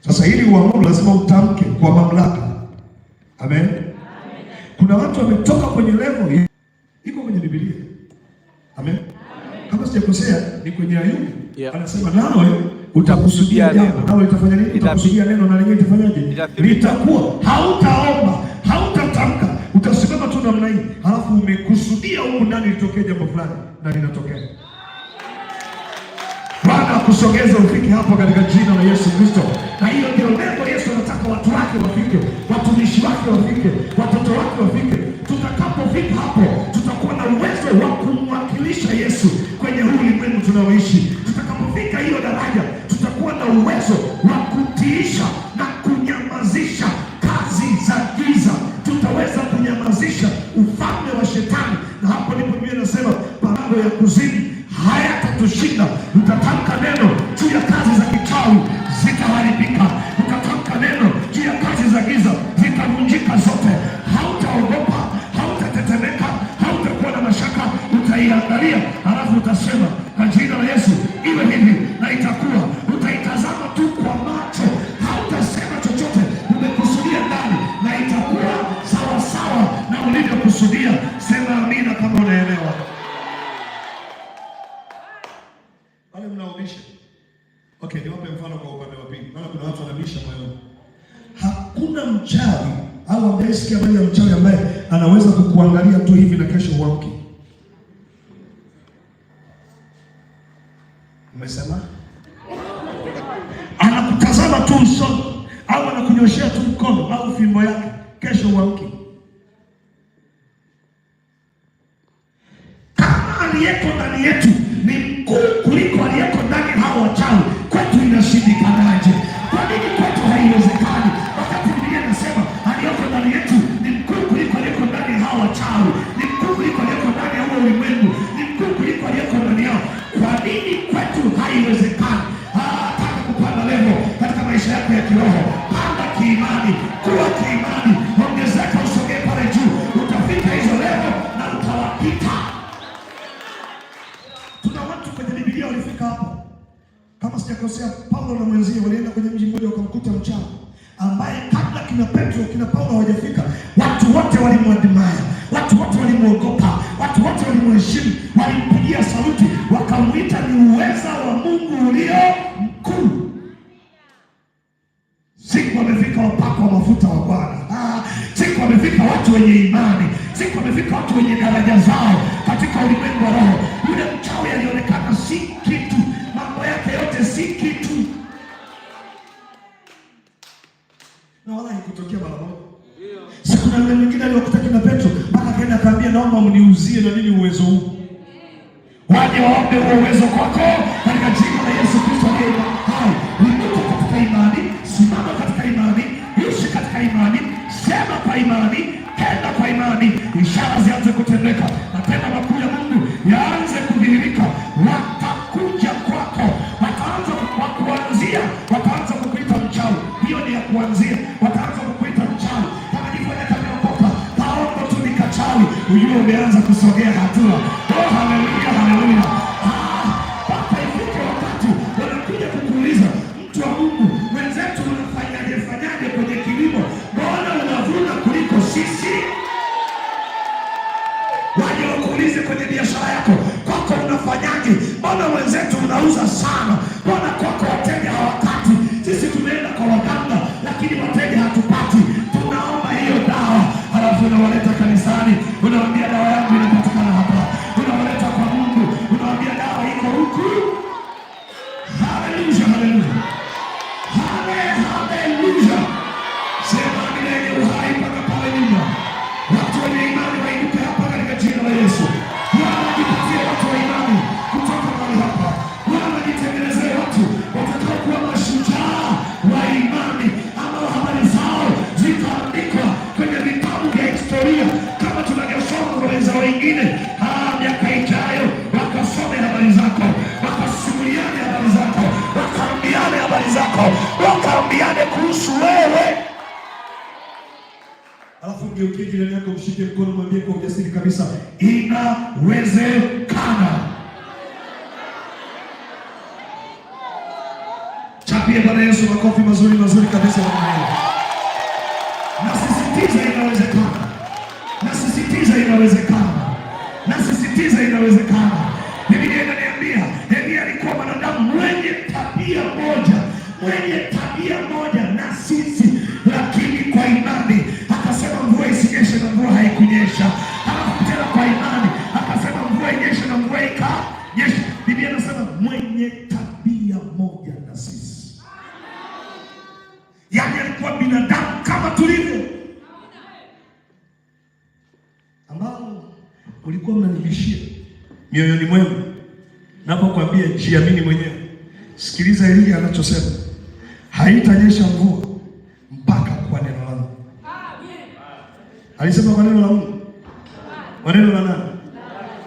Sasa hili uamuru lazima utamke kwa mamlaka. Amen, amen. Kuna watu wametoka kwenye level iko kwenye Biblia. Amen, amen. Kama sijakosea ni kwenye Ayubu yeah. Anasema nawe utakusudia neno, nawe itafanya nini? Utakusudia neno na lenyewe itafanyaje? Litakuwa hautaomba, hautatamka, utasimama tu namna hii, halafu umekusudia huko ndani litokee jambo fulani na linatokea kusogeza ufike hapo katika jina la Yesu Kristo. Na hiyo ndio lengo Yesu anataka watu wake wafike, watumishi wake wafike, watoto wake wafike. Tutakapofika hapo, tutakuwa na uwezo wa kumwakilisha Yesu kwenye huu ulimwengu tunaoishi. Tutakapofika hiyo daraja, tutakuwa na uwezo wa kutiisha na kunyamazisha na itakuwa utaitazama tu kwa macho, hautasema chochote. Umekusudia ndani na itakuwa sawa sawa na ulivyokusudia. Sema amina kama unaelewa. Wale mnaobisha, okay, niwape mfano kwa upande wa pili, maana kuna watu wanabisha moyoni. Hakuna mchawi au ambaye sikia habari ya mchawi ambaye anaweza kukuangalia tu hivi na kesho uamke Tuna watu kwenye Biblia walifika hapo, kama sijakosea, Paulo na mwenzie walienda kwenye mji mmoja wakamkuta mchawi ambaye kabla kina Petro kina Paulo hawajafika, watu wote walimwadimaya, watu wote walimwogopa, watu wote walimheshimu, walimpigia sauti, wakamwita ni uweza wa Mungu ulio mkuu. Siku wamefika wapako wa mafuta wa Bwana, ah, siku wamefika watu wenye imani, siku wamefika watu wenye daraja zao katika ulimwengu wa roho. Yule mchawi alionekana si kitu, mambo yake yote si kitu, na wala haikutokea mara moja. yule mwingine aliyokuta kina Petro mpaka akaenda akaambia, naomba mniuzie na uwezo huu, waje waombe huo uwezo kwako katika jina la Yesu Kristo aliye hai. katika imani, simama katika imani, ishi katika imani, sema kwa imani, tenda kwa imani, ishara zianze kutendeka. ujue umeanza kusogea hatua. Oh, haleluya, haleluya! Ah, Papa ifike wakati wanakuja kukuliza mtu wa Mungu wenzetu, unafanyaje fanyaje kwenye kilimo? Mbona unavuna kuliko sisi? Waje wakuulize kwenye biashara yako, koko unafanyaje? Mbona wenzetu unauza sana? Mbona kwako wateja hawakati? Sisi tumeenda kwa wakati Alafu mgeukie jirani yako, mshike mkono, mwambie kwa ujasiri kabisa, inawezekana. Chapie Bwana Yesu makofi mazuri mazuri kabisa. Nasisitiza inawezekana, nasisitiza inawezekana, nasisitiza inawezekana. Biblia inaniambia Elia alikuwa mwanadamu mwenye tabia moja, mwenye ulikuwa mnanibishia mioyoni mwenu. Napokwambia jiamini mwenyewe, sikiliza Elia anachosema, haitanyesha mvua mpaka kwa neno langu. Alisema kwa neno la Mungu, kwa neno la nani?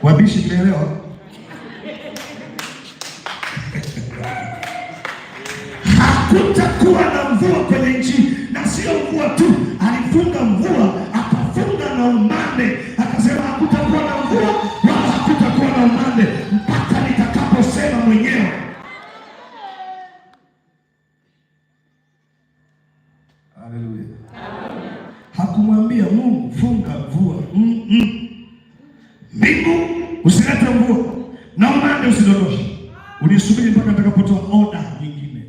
Wabishi mlielewa? sidondosha, unisubiri mpaka nitakapotoa oda nyingine.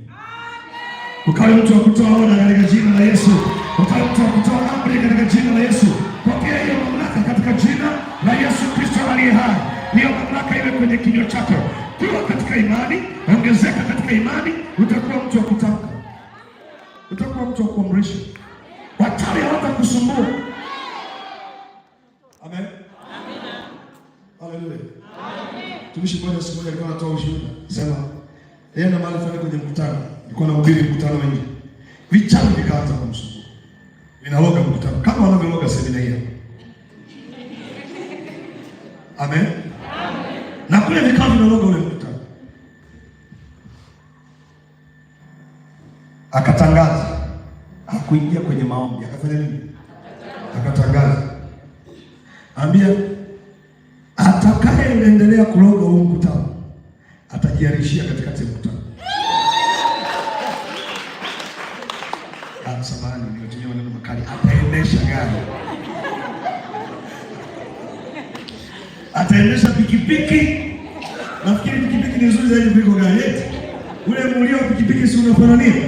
Ukawe mtu wa kutoa oda katika jina la Yesu, ukawe mtu wa kutoa amri katika jina la Yesu. Pokea hiyo mamlaka katika jina la Yesu Kristo aliye hai. Hiyo mamlaka iwe kwenye kinywa chako. Kuwa katika imani, ongezeka katika imani, utakuwa mtu wa kutamka, utakuwa mtu wa kuamrisha, watari hawatakusumbua. mtumishi mmoja siku moja alikuwa anatoa ushuhuda, sema yeye na mahali fulani kwenye mkutano, alikuwa anahubiri mkutano wengi, vichana vikaanza kumsumbua, vinaloga mkutano kama wanavyologa semina hiyo. Amen, amen. Na kule vikao vinaloga ule mkutano, akatangaza hakuingia kwenye maombi, akafanya nini? Akatangaza ambia Atakayenendelea kuloga huu mkutano atajiarishia katikati ya mkutano. Samahani, nilitumia maneno makali. Ataendesha gari, ataendesha pikipiki. Nafikiri pikipiki ni nzuri zaidi kuliko gari yetu. Ule mulio wa pikipiki si unafanya nini?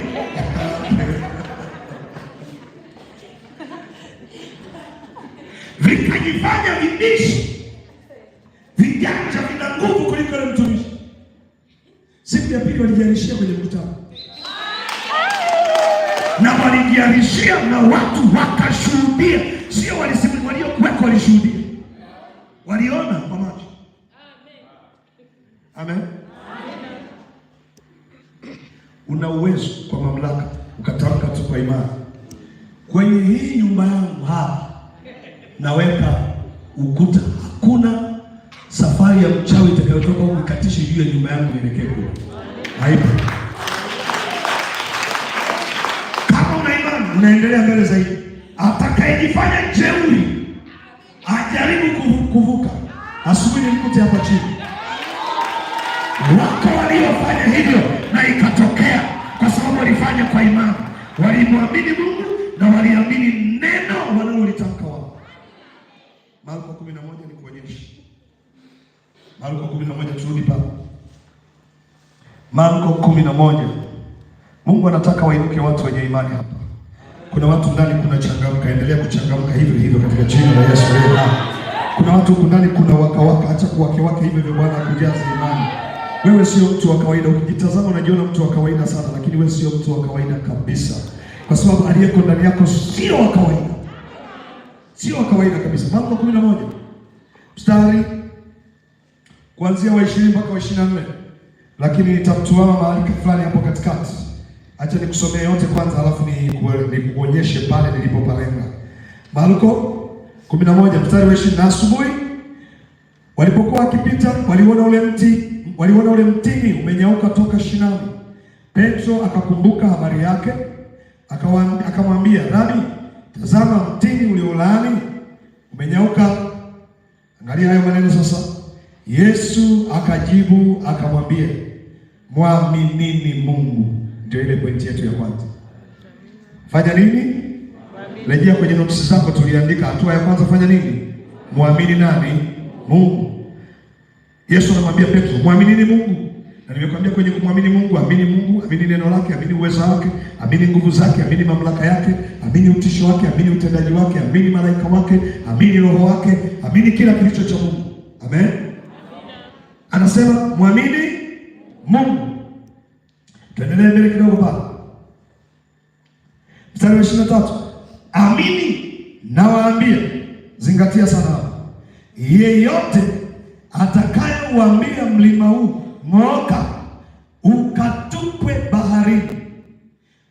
vikajifanya vibishi wakamalizia na watu wakashuhudia, sio walisimulia, waliokuweko walishuhudia, waliona kwa macho. Amen. Una uwezo kwa mamlaka ukatamka tu kwa imani, kwenye hii nyumba yangu hapa naweka ukuta, hakuna safari ya mchawi itakayotoka huku ikatishe juu ya nyumba yangu nielekee haipo. unaendelea mbele zaidi. Atakayejifanya jeuri ajaribu kuvuka, asubuhi nimkute hapa chini. Wako waliofanya hivyo na ikatokea, kwa sababu walifanya kwa imani, walimwamini Mungu na waliamini neno wanalolitamka wao. Marko 11 nikuonyeshe Marko kumi na moja turudi pale Marko 11. Mungu anataka wainuke watu wenye imani hapa. Kuna watu ndani kuna changamka, endelea kuchangamka hivyo hivyo katika jina la Yesu. Kuna watu huko ndani kuna wakawaka, acha kuwake wake hivyo hivyo, Bwana akujaze imani. Wewe sio mtu wa kawaida, ukijitazama unajiona mtu wa kawaida sana, lakini wewe sio mtu wa kawaida kabisa, kwa sababu aliyeko ndani yako sio wa kawaida, sio wa kawaida kabisa. Marko 11 mstari kuanzia wa 20 mpaka wa 24, lakini nitamtuama mahali fulani hapo katikati Acha nikusomee yote kwanza, alafu nikuonyeshe ni pale nilipopalenga. Marko 11 mstari wa 20. Na asubuhi walipokuwa wakipita, waliona ule mti waliona ule mtini umenyauka toka shinani. Petro akakumbuka habari yake, akamwambia Rabi, tazama mtini uliolaani umenyauka. Angalia hayo maneno sasa. Yesu akajibu akamwambia, mwaminini Mungu ndio ile pointi yetu ya kwanza. Fanya nini? Rejea kwenye notisi zako, tuliandika hatua ya kwanza, fanya nini? Muamini nani? Mungu. Yesu anamwambia Petro, muaminini Mungu. Na nimekwambia kwenye kumwamini Mungu, amini Mungu, amini neno lake, amini uwezo wake, amini nguvu zake, amini mamlaka yake, amini utisho wake, amini utendaji wake, amini malaika wake, amini roho wake, amini kila kilicho cha Mungu. Amen. Anasema muamini Mungu. Tuendelee mbele kidogo pale, mstari wa ishirini na tatu. Amini nawaambia, zingatia sana, yeyote atakayeuambia mlima huu ng'oka, ukatupwe baharini,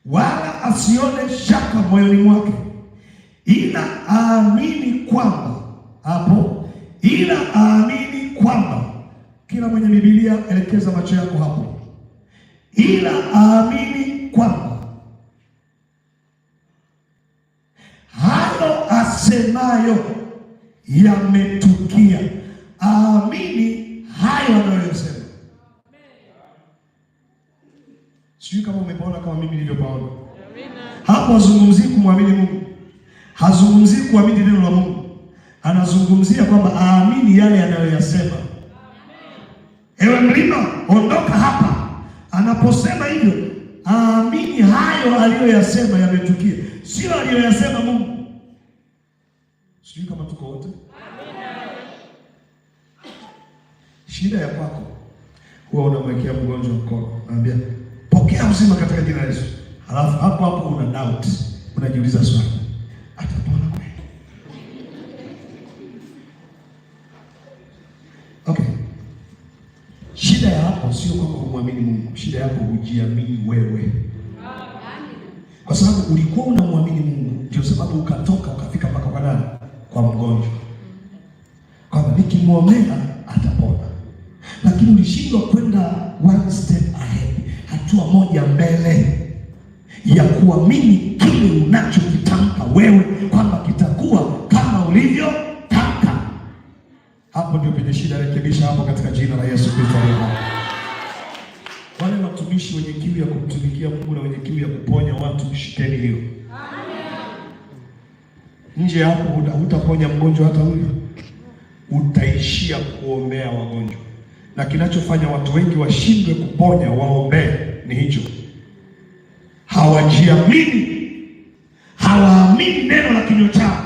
wala asione shaka moyoni mwake, ila aamini kwamba hapo, ila aamini kwamba. Kila mwenye Biblia, elekeza macho yako hapo ila aamini kwangu. Hayo asemayo yametukia, aamini hayo anayosema. Sijui kama umepaona kama mimi nilivyopaona hapo. Hazungumzii kumwamini Mungu, hazungumzii kuamini neno la Mungu, anazungumzia kwamba aamini yale anayoyasema. Ewe mlima, ondoka hapa Anaposema hivyo, aamini hayo aliyoyasema yametukia, sio aliyoyasema Mungu. Sijui kama tuko wote. Shida ya kwako, huwa unamwekea mgonjwa mkono, naambia pokea uzima katika jina la Yesu, halafu hapo hapo una doubt, unajiuliza swali kumwamini Mungu, shida yako hujiamini wewe, kwa sababu ulikuwa unamwamini Mungu. Ndio sababu ukatoka ukafika mpaka kwa nani? Kwa mgonjwa, kwamba nikimwombea atapona, lakini ulishindwa kwenda one step ahead, hatua moja mbele ya kuamini kile unachokitamka wewe kwamba kitakuwa kama ulivyo Hapo ndio penye shida. Rekebisha hapo katika jina la Yesu Kristo watumishi wenye kiu ya kumtumikia Mungu na wenye kiu ya kuponya watu, shikeni hiyo. Nje hapo hutaponya mgonjwa hata huyo, utaishia kuombea wagonjwa, na kinachofanya watu wengi washindwe kuponya waombee ni hicho, hawajiamini, hawaamini neno la kinywa chao.